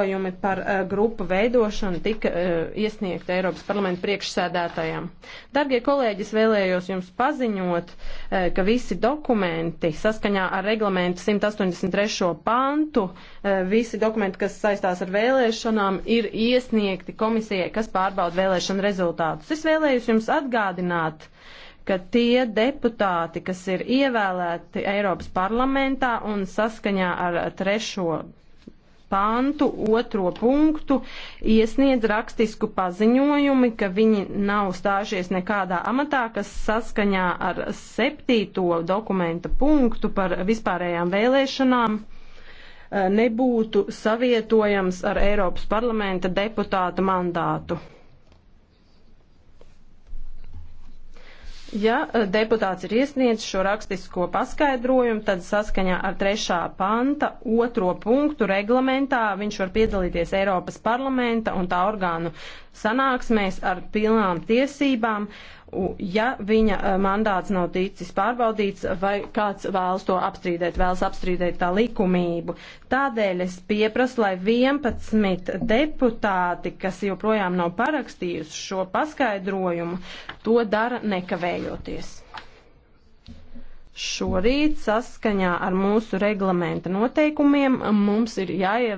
Ziņojumi par uh, grupu veidošanu tika uh, eh, iesniegta Eiropas parlamenta priekšsēdētājām. Dargie kolēģi, es vēlējos jums paziņot, uh, ka visi dokumenti saskaņā ar reglamentu 183. pantu, uh, visi dokumenti, kas saistās ar vēlēšanām, ir iesniegti komisijai, kas pārbauda vēlēšanu rezultātus. Es vēlējos jums atgādināt, ka tie deputāti, kas ir ievēlēti Eiropas parlamentā un saskaņā ar trešo pantu, otro punktu, iesniedz rakstisku paziņojumi, ka viņi nav stājušies nekādā amatā, kas saskaņā ar septīto dokumenta punktu par vispārējām vēlēšanām eh, nebūtu savietojams ar Eiropas parlamenta deputāta mandātu. Ja e, deputāts ir iesniedzis šo rakstisko paskaidrojumu, tad saskaņā ar 3. panta otro punktu reglamentā viņš var piedalīties Eiropas parlamenta un tā orgānu sanāksmēs ar pilnām tiesībām, ja viņa e, mandāts nav ticis pārbaudīts vai kāds vēlas to apstrīdēt, vēlas apstrīdēt tā likumību. Tādēļ es pieprasu, lai 11 deputāti, kas joprojām nav parakstījuši šo paskaidrojumu, to dara nekavējoties nekavējoties. Šorīt saskaņā ar mūsu reglamenta noteikumiem mums ir jāievēl.